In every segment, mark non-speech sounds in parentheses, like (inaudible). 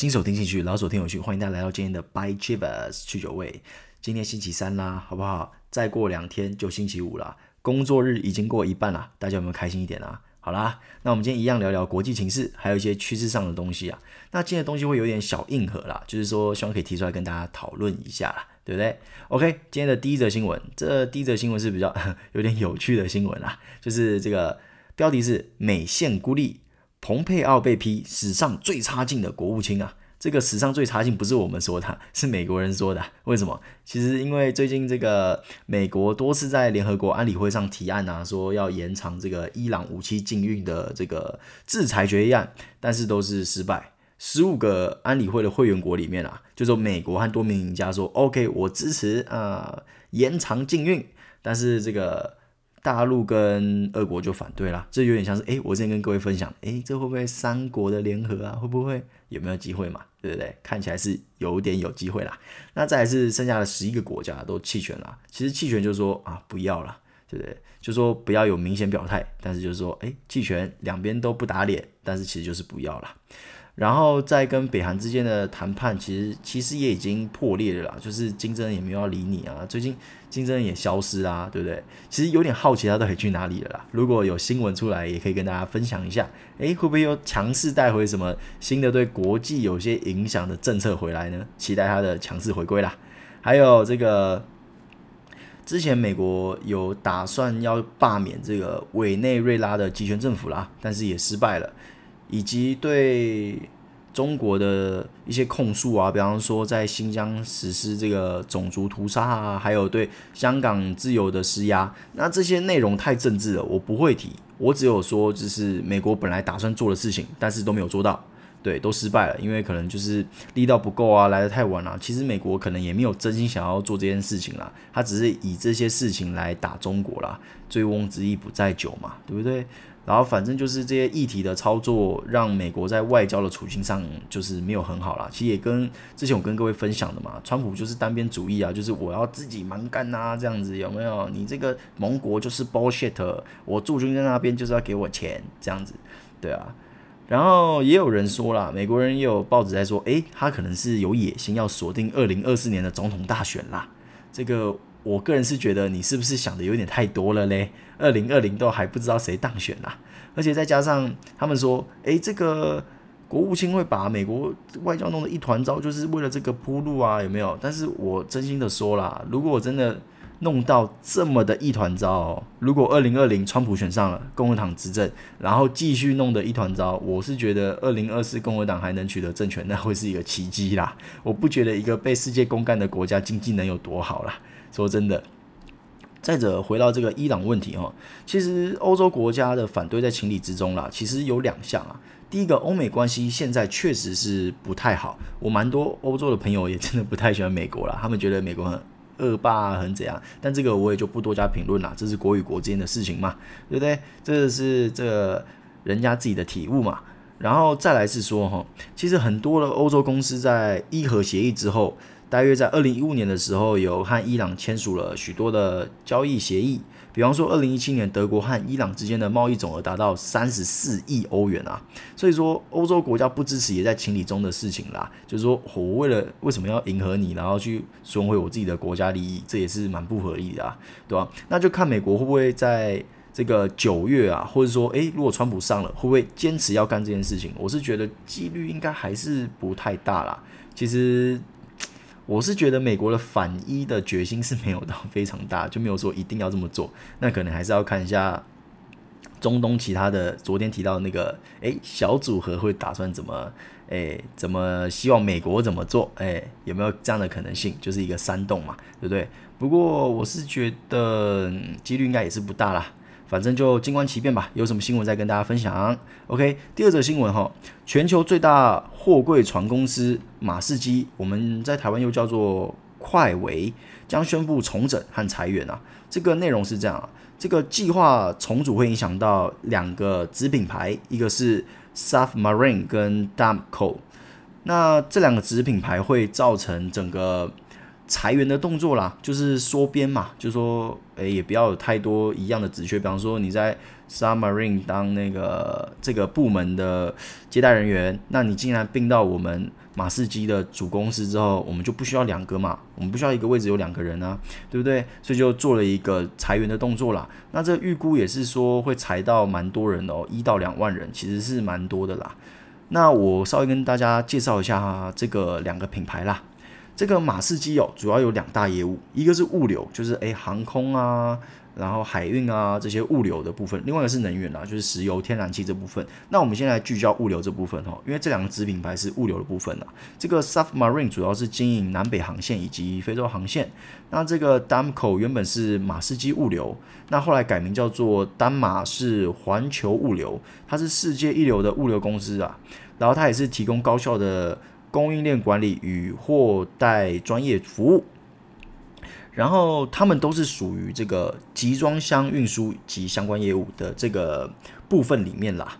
新手聽進去，老手聽有趣，歡迎大家來到今天的 Buy t r i v e s 去酒味。今天星期三啦，好不好？再過兩天就星期五啦，工作日已經過一半啦，大家有沒有開心一點啊？好啦，那我們今天一樣聊聊國際情勢，還有一些趨勢上的東西啊。那今天的東西會有點小硬核啦，就是說希望可以提出來跟大家討論一下啦，對不對？OK，今天的第一則新聞，這第一則新聞是比較有點有趣的新聞啦，就是這個標題是美線孤立。蓬佩奧被批史上最差勁的國務卿啊！這個史上最差勁不是我們說的，是美國人說的。為什麼？其實因為最近這個美國多次在聯合國安理會上提案吶、啊，說要延長這個伊朗武器禁運的這個制裁決議案，但是都是失敗。十五個安理會的會員國裡面啊，就說美國和多米尼加說 “OK，我支持啊、呃，延長禁運”，但是這個。大陸跟俄國就反對啦，這有點像是，哎，我之前跟各位分享，哎，這會不會三國的聯合啊？會不會有沒有機會嘛？對不對？看起來是有點有機會啦。那再來是剩下的十一個國家都棄權了，其實棄權就是說啊，不要了，對不對？就說不要有明顯表態，但是就是說，哎，棄權兩邊都不打臉，但是其實就是不要了。然後在跟北韓之間的談判，其實其實也已經破裂了啦，就是金正恩也沒有要理你啊，最近金正恩也消失啦、啊，對不對？其實有點好奇他到底去哪裡了啦。如果有新聞出來，也可以跟大家分享一下。誒，會不會又強勢帶回什麼新的對國際有些影響的政策回來呢？期待他的強勢回歸啦。還有這個，之前美國有打算要罷免這個委內瑞拉的極權政府啦，但是也失敗了。以及對中國的一些控訴啊，比方說在新疆實施這個種族屠殺啊，還有對香港自由的施壓，那這些內容太政治了，我不會提。我只有說，就是美國本來打算做的事情，但是都沒有做到，對，都失敗了，因為可能就是力道不夠啊，來得太晚了啊。其實美國可能也沒有真心想要做這件事情啦，他只是以這些事情來打中國啦。醉翁之意不在酒嘛，對不對？然後反正就是這些議題的操作，讓美國在外交的處境上就是沒有很好啦。其實也跟之前我跟各位分享的嘛，川普就是單邊主義啊，就是我要自己蠻幹吶、啊，這樣子有沒有？你這個盟國就是 bullshit，我駐軍在那邊就是要給我錢，這樣子，對啊。然後也有人說啦，美國人也有報紙在說，欸，他可能是有野心要鎖定二零二四年的總統大選啦，這個。我個人是覺得你是不是想的有點太多了嘞？二零二零都還不知道誰當選啦，啊，而且再加上他們說，誒，這個國務卿會把美國外交弄得一團糟，就是為了這個鋪路啊，有沒有？但是我真心的說啦，如果真的弄到這麼的一團糟，如果二零二零川普選上了共和黨執政，然後繼續弄得一團糟，我是覺得二零二四共和黨還能取得政權，那會是一個奇蹟啦。我不覺得一個被世界公幹的國家經濟能有多好啦。說真的，再者回到這個伊朗問題哈、哦，其實歐洲國家的反對在情理之中啦。其實有兩項啊，第一個，歐美關係現在確實是不太好。我蠻多歐洲的朋友也真的不太喜歡美國啦，他們覺得美國很惡霸、啊，很怎樣。但這個我也就不多加評論啦，這是國與國之間的事情嘛，對不對？這是這個人家自己的體悟嘛。然後再來是說哈、哦，其實很多的歐洲公司在伊核協議之後。大約在二零一五年的時候，有和伊朗簽署了許多的交易協議，比方說二零一七年，德國和伊朗之間的貿易總額達到三十四億歐元啊，所以說歐洲國家不支持也在情理中的事情啦，就是說我為了為什麼要迎合你，然後去損毀我自己的國家利益，這也是蠻不合理的啊，對吧？那就看美國會不會在這個九月啊，或者說，誒，如果川普上了，會不會堅持要幹這件事情？我是覺得幾率應該還是不太大啦，其實。我是覺得美國的反伊的決心是沒有到非常大，就沒有說一定要這麼做。那可能還是要看一下中東其他的，昨天提到的那個，誒，小組合會打算怎麼，誒，怎麼希望美國怎麼做？誒，有沒有這樣的可能性？就是一個煽動嘛，對不對？不過我是覺得幾率應該也是不大啦。反正就靜觀其變吧，有什麼新聞再跟大家分享。OK，第二則新聞哈，全球最大貨櫃船公司馬士基，我們在台灣又叫做快維，將宣布重整和裁員啊。這個內容是這樣啊，這個計劃重組會影響到兩個子品牌，一個是 Safmarine 跟 Damco。那這兩個子品牌會造成整個。裁員的動作啦，就是縮編嘛，就說，哎、欸，也不要有太多一樣的職缺，比方說你在 Safmarine 當那個這個部門的接待人員，那你竟然併到我們馬士基的主公司之後，我們就不需要兩個嘛，我們不需要一個位置有兩個人啊，對不對？所以就做了一個裁員的動作啦。那這預估也是說會裁到蠻多人的哦，一到兩萬人，其實是蠻多的啦。那我稍微跟大家介紹一下這個兩個品牌啦。這個馬士基哦，主要有兩大業務，一個是物流，就是哎航空啊，然後海運啊這些物流的部分，另外一個是能源啊，就是石油、天然氣這部分。那我們現在聚焦物流這部分哈、哦，因為這兩個子品牌是物流的部分啦、啊。這個 Safmarine 主要是經營南北航線以及非洲航線。那這個 DAMCO 原本是馬士基物流，那後來改名叫做丹馬士環球物流，它是世界一流的物流公司啊。然後它也是提供高效的。供應鏈管理與貨代專業服務，然後他們都是屬於這個集裝箱運輸及相關業務的這個部分裡面啦。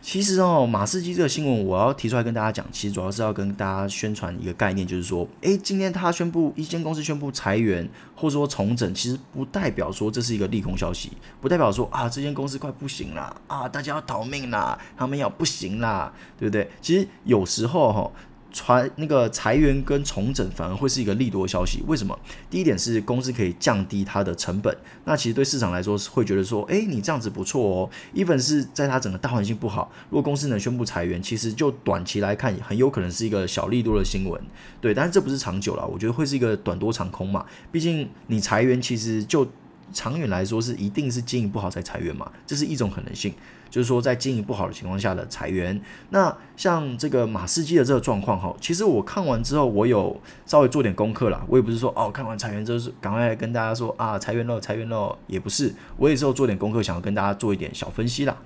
其實哦，馬士基這個新聞，我要提出來跟大家講。其實主要是要跟大家宣傳一個概念，就是說，哎，今天他宣布一間公司宣布裁員，或者說重整，其實不代表說這是一個利空消息，不代表說啊，這間公司快不行啦啊，大家要逃命啦，他們要不行啦，對不對？其實有時候哈、哦。裁那個裁員跟重整反而會是一個利多的消息，為什麼？第一點是公司可以降低它的成本，那其實對市場來說是會覺得說，哎、欸，你這樣子不錯哦。even 是在它整個大環境不好，如果公司能宣布裁員，其實就短期來看，很有可能是一個小利多的新聞。對，但是這不是長久啦，我覺得會是一個短多長空嘛，畢竟你裁員其實就。長遠來說是一定是經營不好才裁員嘛，這是一種可能性，就是說在經營不好的情況下的裁員。那像這個馬士基的這個狀況哈，其實我看完之後我有稍微做點功課啦。我也不是說哦，看完裁員之後是趕快來跟大家說啊裁員了裁員了，也不是，我也是有做點功課，想要跟大家做一點小分析啦。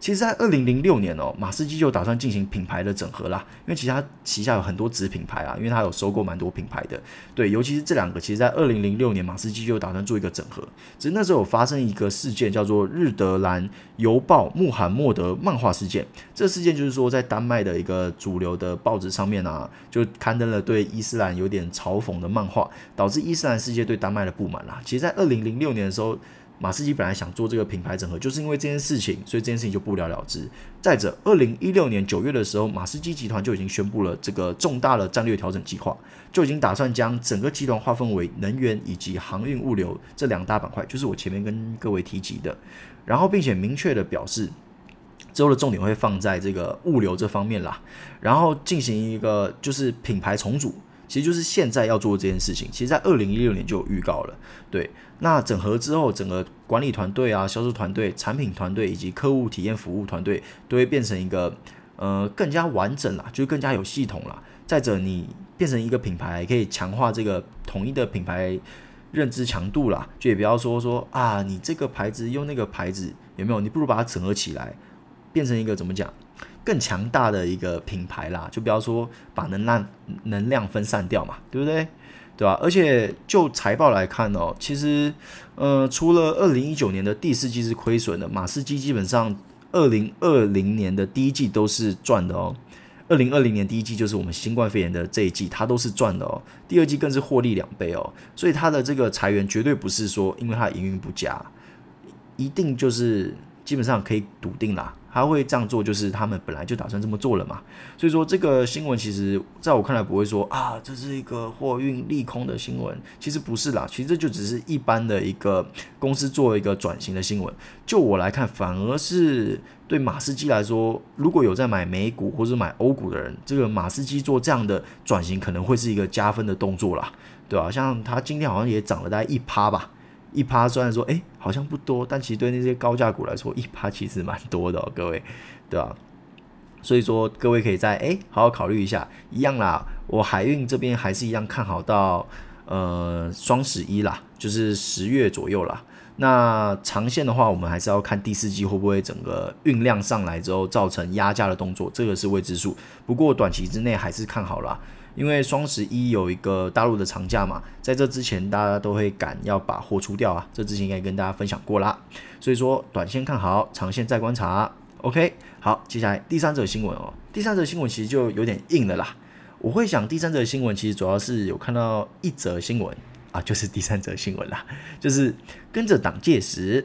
其實，在二零零六年哦，馬士基就打算進行品牌的整合啦，因為其他旗下有很多子品牌啊，因為他有收購蠻多品牌的，對，尤其是這兩個，其實，在二零零六年，馬士基就打算做一個整合。只是那時候有發生一個事件，叫做日德蘭郵報穆罕默德漫畫事件。這事件就是說，在丹麥的一個主流的報紙上面啊，就刊登了對伊斯蘭有點嘲諷的漫畫，導致伊斯蘭世界對丹麥的不滿啦。其實，在二零零六年的時候。馬士基本來想做這個品牌整合，就是因為這件事情，所以這件事情就不了了之。再者，二零一六年九月的時候，馬士基集團就已經宣布了這個重大的戰略調整計劃，就已經打算將整個集團劃分為能源以及航運物流這兩大板塊，就是我前面跟各位提及的。然後，並且明確的表示，之後的重點會放在這個物流這方面啦，然後進行一個就是品牌重組。其實就是現在要做這件事情，其實，在二零一六年就有預告了。對，那整合之後，整個管理團隊啊、銷售團隊、產品團隊以及客戶體驗服務團隊都會變成一個呃更加完整啦，就是更加有系統了。再者，你變成一個品牌，可以強化這個統一的品牌認知強度啦。就也不要說說啊，你這個牌子用那個牌子有沒有？你不如把它整合起來，變成一個怎麼講？更強大的一個品牌啦，就比方說把能量能量分散掉嘛，對不對？對吧、啊？而且就財報來看哦，其實，呃，除了二零一九年的第四季是虧損的，馬士基基本上二零二零年的第一季都是賺的哦。二零二零年第一季就是我們新冠肺炎的這一季，它都是賺的哦。第二季更是獲利兩倍哦。所以它的這個裁員絕對不是說因為它的營運不佳，一定就是。基本上可以篤定啦，他會這樣做，就是他們本來就打算這麼做了嘛。所以說這個新聞其實在我看來不會說啊，這是一個貨運利空的新聞，其實不是啦，其實這就只是一般的一個公司做一個轉型的新聞。就我來看，反而是對馬士基來說，如果有在買美股或者買歐股的人，這個馬士基做這樣的轉型可能會是一個加分的動作啦，對啊，像他今天好像也漲了大概一趴吧。一趴雖然說哎、欸、好像不多，但其實對那些高價股來說，一趴其實蠻多的，哦，各位，對吧、啊？所以說各位可以再哎、欸、好好考慮一下。一樣啦，我海運這邊還是一樣看好到呃雙十一啦，就是十月左右啦。那長線的話，我們還是要看第四季會不會整個運量上來之後造成壓價的動作，這個是未知數。不過短期之內還是看好啦。因為雙十一有一個大陸的長假嘛，在這之前大家都會趕要把貨出掉啊，這之前應該跟大家分享過啦，所以說短線看好，長線再觀察。OK，好，接下來第三則新聞哦，第三則新聞其實就有點硬了啦。我會想第三則新聞其實主要是有看到一則新聞啊，就是第三則新聞啦，就是跟着蔣介石，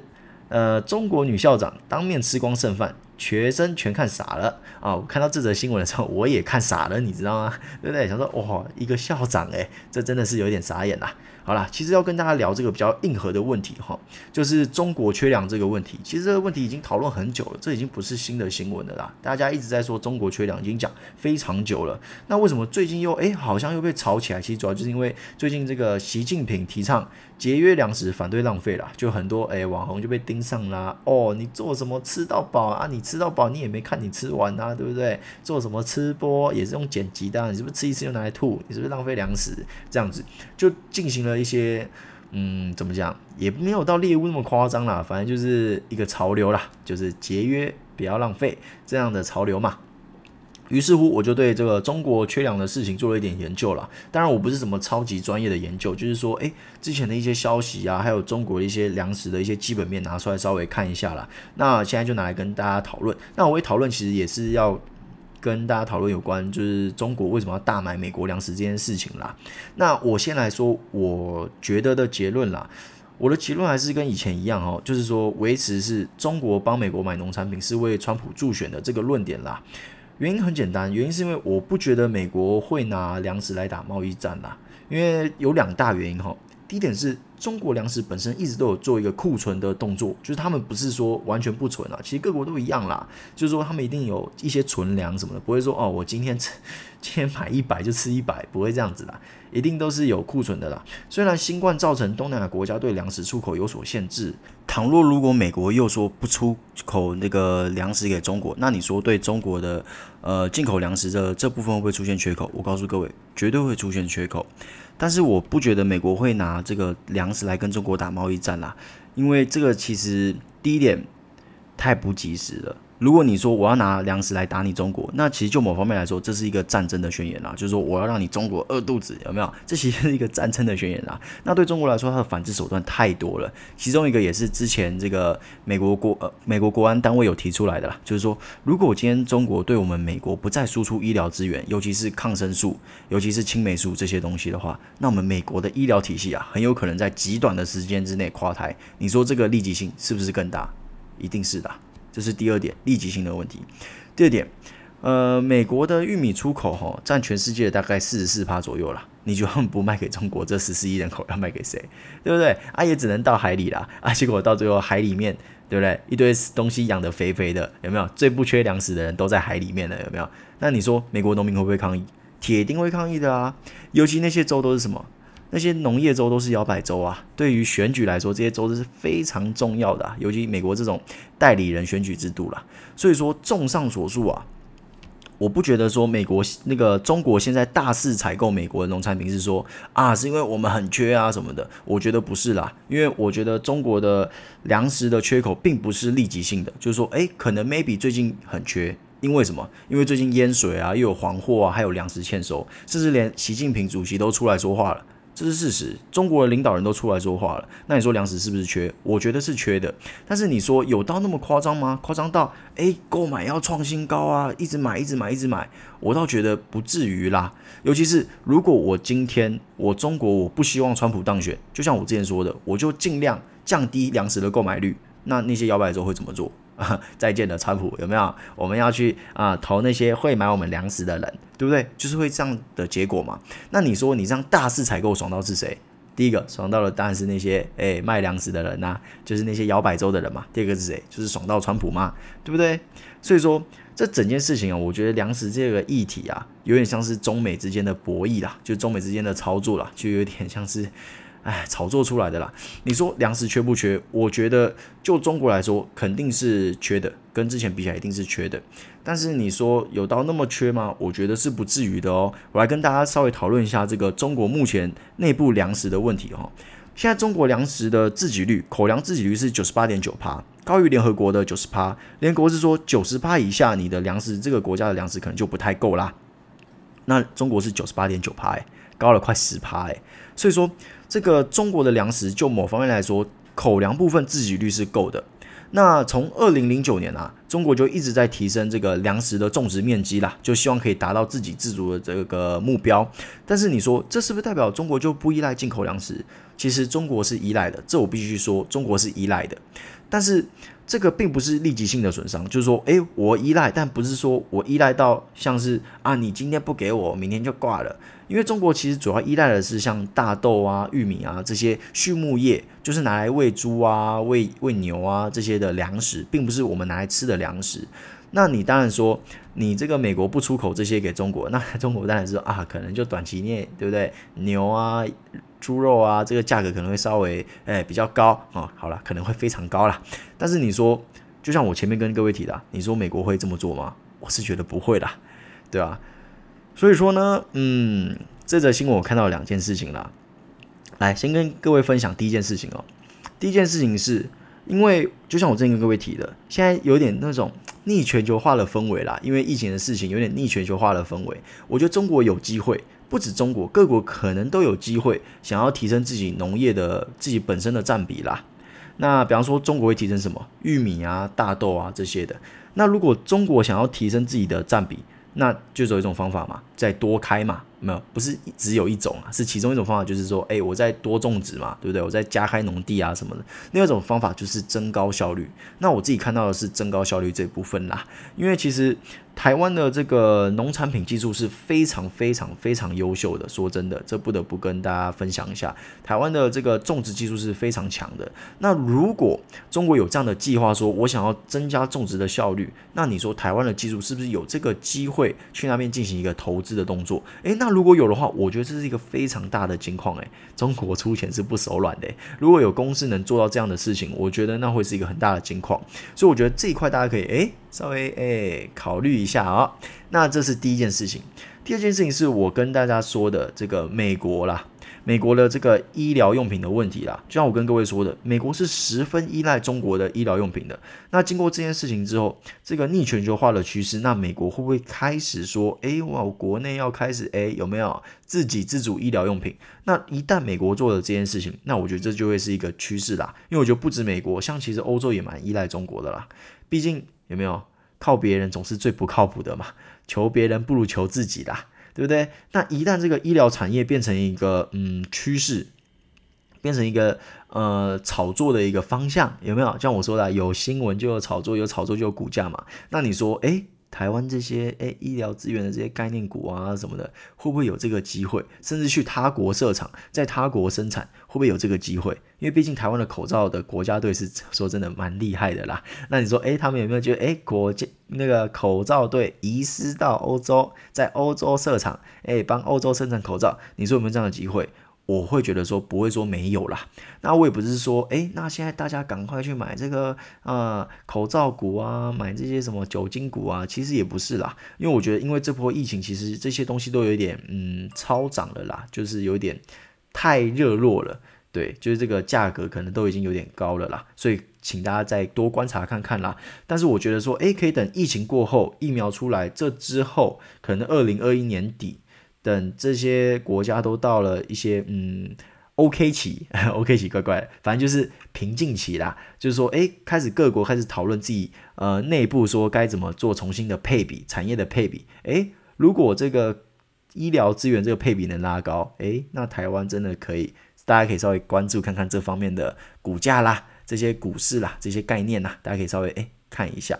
呃，中國女校長當面吃光剩飯。學生全看傻了啊！我、哦、看到這則新聞的時候，我也看傻了，你知道嗎？對不對？想說哇、哦，一個校長誒、欸，這真的是有點傻眼啦，啊。好啦，其實要跟大家聊這個比較硬核的問題哈、哦，就是中國缺糧這個問題。其實這個問題已經討論很久了，這已經不是新的新聞了啦。大家一直在說中國缺糧，已經講非常久了。那為什麼最近又哎好像又被炒起來？其實主要就是因為最近這個習近平提倡節約糧食，反對浪費啦，就很多哎網紅就被盯上啦。哦，你做什麼吃到飽啊？啊你？吃到飽你也沒看你吃完啊，對不對？做什麼吃播也是用剪輯的啊，你是不是吃一次又拿來吐？你是不是浪費糧食？這樣子就進行了一些，嗯，怎麼講？也沒有到獵物那麼誇張啦，反正就是一個潮流啦，就是節約，不要浪費這樣的潮流嘛。於是乎，我就對這個中國缺糧的事情做了一點研究啦。當然，我不是什麼超級專業的研究，就是說，誒，之前的一些消息啊，還有中國一些糧食的一些基本面拿出來稍微看一下啦。那現在就拿來跟大家討論。那我會討論其實也是要跟大家討論有關，就是中國為什麼要大買美國糧食這件事情啦。那我先來說，我覺得的結論啦，我的結論還是跟以前一樣哦、喔，就是說，維持是中國幫美國買農產品是為川普助選的這個論點啦。原因很簡單，原因是因為我不覺得美國會拿糧食來打貿易戰啦，因為有兩大原因哈。第一點是中國糧食本身一直都有做一個庫存的動作，就是他們不是說完全不存了。其實各國都一樣啦，就是說他們一定有一些存糧什麼的，不會說哦，我今天今天買一百就吃一百，不會這樣子啦。一定都是有庫存的啦。雖然新冠造成東南亞國家對糧食出口有所限制，倘若如果美國又說不出口那個糧食給中國，那你說對中國的呃進口糧食的這部分會不會出現缺口？我告訴各位，絕對會出現缺口。但是我不覺得美國會拿這個糧食來跟中國打貿易戰啦，因為這個其實第一點太不及時了。如果你說我要拿糧食來打你中國，那其實就某方面來說，這是一個戰爭的宣言啦，就是說我要讓你中國餓肚子，有沒有？這其實是一個戰爭的宣言啦。那對中國來說，它的反制手段太多了，其中一個也是之前這個美國國呃美國國安單位有提出來的啦，就是說如果今天中國對我們美國不再輸出醫療資源，尤其是抗生素，尤其是青黴素這些東西的話，那我們美國的醫療體系啊，很有可能在極短的時間之內垮台。你說這個立即性是不是更大？一定是的。這是第二點，立即性的問題。第二點，呃，美國的玉米出口、哦、佔全世界大概四十四趴左右啦，你就恨不賣給中國這十四億人口，要賣給誰？對不對？啊，也只能到海裡啦。啊，結果到最後海裡面，對不對？一堆東西養的肥肥的，有沒有？最不缺糧食的人都在海裡面了，有沒有？那你說美國農民會不會抗議？鐵定會抗議的啊！尤其那些州都是什麼？那些農業州都是搖擺州啊，對於選舉來說，這些州都是非常重要的啊，尤其美國這種代理人選舉制度啦。所以說，綜上所述啊，我不覺得說美國那個中國現在大肆採購美國的農產品是說啊，是因為我們很缺啊什麼的。我覺得不是啦，因為我覺得中國的糧食的缺口並不是立即性的，就是說，誒，可能 maybe 最近很缺，因為什麼？因為最近淹水啊，又有蝗禍啊，還有糧食欠收，甚至連習近平主席都出來說話了。這是事實，中國的領導人都出來說話了。那你說糧食是不是缺？我覺得是缺的。但是你說有到那麼誇張嗎？誇張到誒，購買要創新高啊，一直買，一直買，一直買。我倒覺得不至於啦。尤其是如果我今天我中國我不希望川普當選，就像我之前說的，我就儘量降低糧食的購買率。那那些搖擺州會怎麼做？ (laughs) 再見了，川普有沒有？我們要去啊、呃、投那些會買我們糧食的人，對不對？就是會這樣的結果嘛。那你說你這樣大肆採購爽到是誰？第一個爽到的當然是那些誒、欸、賣糧食的人吶、啊，就是那些搖擺州的人嘛。第二個是誰？就是爽到川普嘛，對不對？所以說這整件事情啊，我覺得糧食這個議題啊，有點像是中美之間的博弈啦，就中美之間的操作啦，就有點像是。哎，炒作出來的啦！你說糧食缺不缺？我覺得就中國來說，肯定是缺的，跟之前比起來一定是缺的。但是你說有到那麼缺嗎？我覺得是不至於的哦。我來跟大家稍微討論一下這個中國目前內部糧食的問題哦。現在中國糧食的自給率，口糧自給率是九十八點九帕，高於聯合國的九十帕。聯合國是說九十帕以下，你的糧食這個國家的糧食可能就不太夠啦。那中國是九十八點九帕。高了快十趴誒，欸、所以說這個中國的糧食，就某方面來說，口糧部分自給率是夠的。那從二零零九年啊。中國就一直在提升這個糧食的種植面積啦，就希望可以達到自給自足的這個目標。但是你說這是不是代表中國就不依賴進口糧食？其實中國是依賴的，這我必須說，中國是依賴的。但是這個並不是立即性的損傷，就是說，誒，我依賴，但不是說我依賴到像是啊，你今天不給我，明天就掛了。因為中國其實主要依賴的是像大豆啊、玉米啊這些畜牧業，就是拿來餵豬啊、餵餵牛啊這些的糧食，並不是我們拿來吃的。糧食，那你當然說，你這個美國不出口這些給中國，那中國當然是啊，可能就短期內，對不對？牛啊、豬肉啊，這個價格可能會稍微，哎、欸，比較高啊、哦，好了，可能會非常高了。但是你說，就像我前面跟各位提的，你說美國會這麼做嗎？我是覺得不會的，對吧、啊？所以說呢，嗯，這則新聞我看到兩件事情了。來，先跟各位分享第一件事情哦。第一件事情是。因為就像我之前跟各位提的，現在有點那種逆全球化的氛圍啦，因為疫情的事情有點逆全球化的氛圍。我覺得中國有機會，不止中國，各國可能都有機會想要提升自己農業的自己本身的占比啦。那比方說中國會提升什麼？玉米啊、大豆啊這些的。那如果中國想要提升自己的占比，那就只有一種方法嘛，再多開嘛。沒有，不是只有一種啊，是其中一種方法，就是說，哎、欸，我再多種植嘛，對不對？我再加開農地啊什麼的。另一種方法就是增高效率。那我自己看到的是增高效率這一部分啦，因為其實。台灣的這個農產品技術是非常非常非常優秀的，說真的，這不得不跟大家分享一下，台灣的這個種植技術是非常強的。那如果中國有這樣的計劃，說我想要增加種植的效率，那你說台灣的技術是不是有這個機會去那邊進行一個投資的動作？誒、欸，那如果有的話，我覺得這是一個非常大的金礦。誒，中國出錢是不手軟的、欸。如果有公司能做到這樣的事情，我覺得那會是一個很大的金礦。所以我覺得這一塊大家可以誒。欸稍微誒、欸、考慮一下啊、哦，那這是第一件事情。第二件事情是我跟大家說的這個美國啦，美國的這個醫療用品的問題啦。就像我跟各位說的，美國是十分依賴中國的醫療用品的。那經過這件事情之後，這個逆全球化的趨勢，那美國會不會開始說，誒，哇，我國內要開始，誒，有沒有自己自主醫療用品？那一旦美國做了這件事情，那我覺得這就會是一個趨勢啦。因為我覺得不止美國，像其實歐洲也蠻依賴中國的啦，畢竟。有沒有？靠別人總是最不靠譜的嘛，求別人不如求自己啦，對不對？那一旦這個醫療產業變成一個嗯趨勢，變成一個呃炒作的一個方向，有沒有？像我說的，啊，有新聞就有炒作，有炒作就有股價嘛。那你說，誒。台灣這些哎、欸、醫療資源的這些概念股啊什麼的，會不會有這個機會？甚至去他國設廠，在他國生產，會不會有這個機會？因為畢竟台灣的口罩的國家隊是說真的蠻厲害的啦。那你說哎、欸，他們有沒有覺得哎國家那個口罩隊移師到歐洲，在歐洲設廠，哎幫歐洲生產口罩？你說有沒有這樣的機會？我會覺得說不會說沒有啦，那我也不是說哎，那現在大家趕快去買這個呃口罩股啊，買這些什麽酒精股啊，其實也不是啦，因為我覺得因為這波疫情，其實這些東西都有點嗯超漲了啦，就是有點太熱絡了，對，就是這個價格可能都已經有點高了啦，所以請大家再多觀察看看啦。但是我覺得說哎，可以等疫情過後，疫苗出來這之後，可能二零二一年底。等這些國家都到了一些嗯，OK 期，OK 期， (laughs) OK 期乖乖的，反正就是平靜期啦。就是說，哎，開始各國開始討論自己呃內部說該怎麼做，重新的配比、產業的配比。哎，如果這個醫療資源這個配比能拉高，哎，那台灣真的可以，大家可以稍微關注看看這方面的股價啦，這些股市啦，這些概念啦，大家可以稍微哎看一下。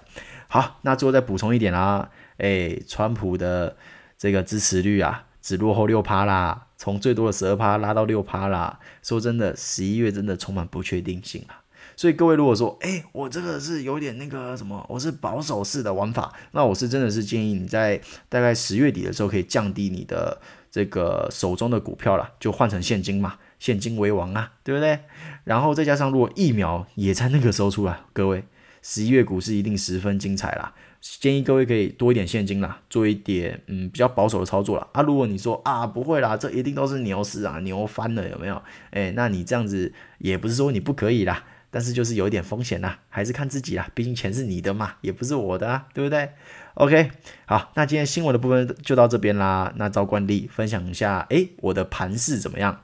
好，那最後再補充一點啦，哎，川普的這個支持率啊。只落後六趴啦，從最多的十二趴拉到六趴啦。說真的，十一月真的充滿不確定性啊。所以各位如果說，哎，我這個是有點那個什麼，我是保守式的玩法，那我是真的是建議你在大概十月底的時候可以降低你的這個手中的股票啦，就換成現金嘛，現金為王啊，對不對？然後再加上如果疫苗也在那個時候出來，各位十一月股市一定十分精彩啦。建議各位可以多一點現金啦，做一點嗯比較保守的操作啦。啊，如果你說啊不會啦，這一定都是牛市啊，牛翻了有沒有？哎、欸，那你這樣子也不是說你不可以啦，但是就是有一點風險啦，還是看自己啦，畢竟錢是你的嘛，也不是我的啊，對不對？OK，好，那今天新聞的部分就到這邊啦。那照慣例分享一下，哎、欸，我的盤勢怎麼樣？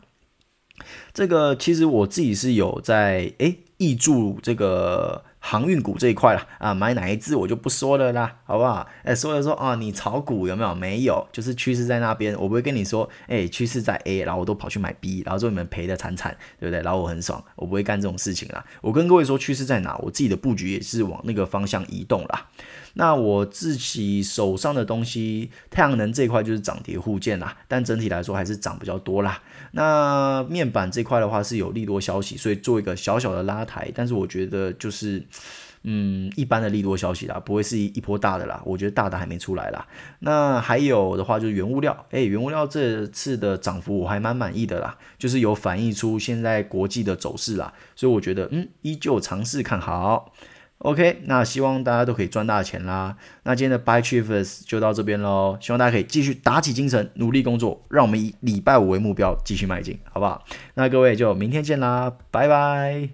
這個其實我自己是有在哎挹注這個。航運股這一塊啦，啊，買哪一隻我就不說了啦，好不好？哎、欸，說了說啊，你炒股有沒有？沒有，就是趨勢在那邊，我不會跟你說，哎、欸，趨勢在 A，然後我都跑去買 B，然後最後你們賠的慘慘，對不對？然後我很爽，我不會幹這種事情啦。我跟各位說趨勢在哪，我自己的布局也是往那個方向移動啦。那我自己手上的東西，太陽能這塊就是漲跌互見啦，但整體來說還是漲比較多啦。那面板這塊的話是有利多消息，所以做一個小小的拉抬，但是我覺得就是，嗯，一般的利多消息啦，不會是一一波大的啦。我覺得大的還沒出來啦。那還有的話就是原物料，哎、欸，原物料這次的漲幅我還蠻滿意的啦，就是有反映出現在國際的走勢啦，所以我覺得嗯，依舊嘗試看好。OK，那希望大家都可以賺大的錢啦。那今天的 Bye Chiefs 就到這邊嘍，希望大家可以繼續打起精神，努力工作，讓我們以禮拜五為目標繼續邁進，好不好？那各位就明天見啦，拜拜。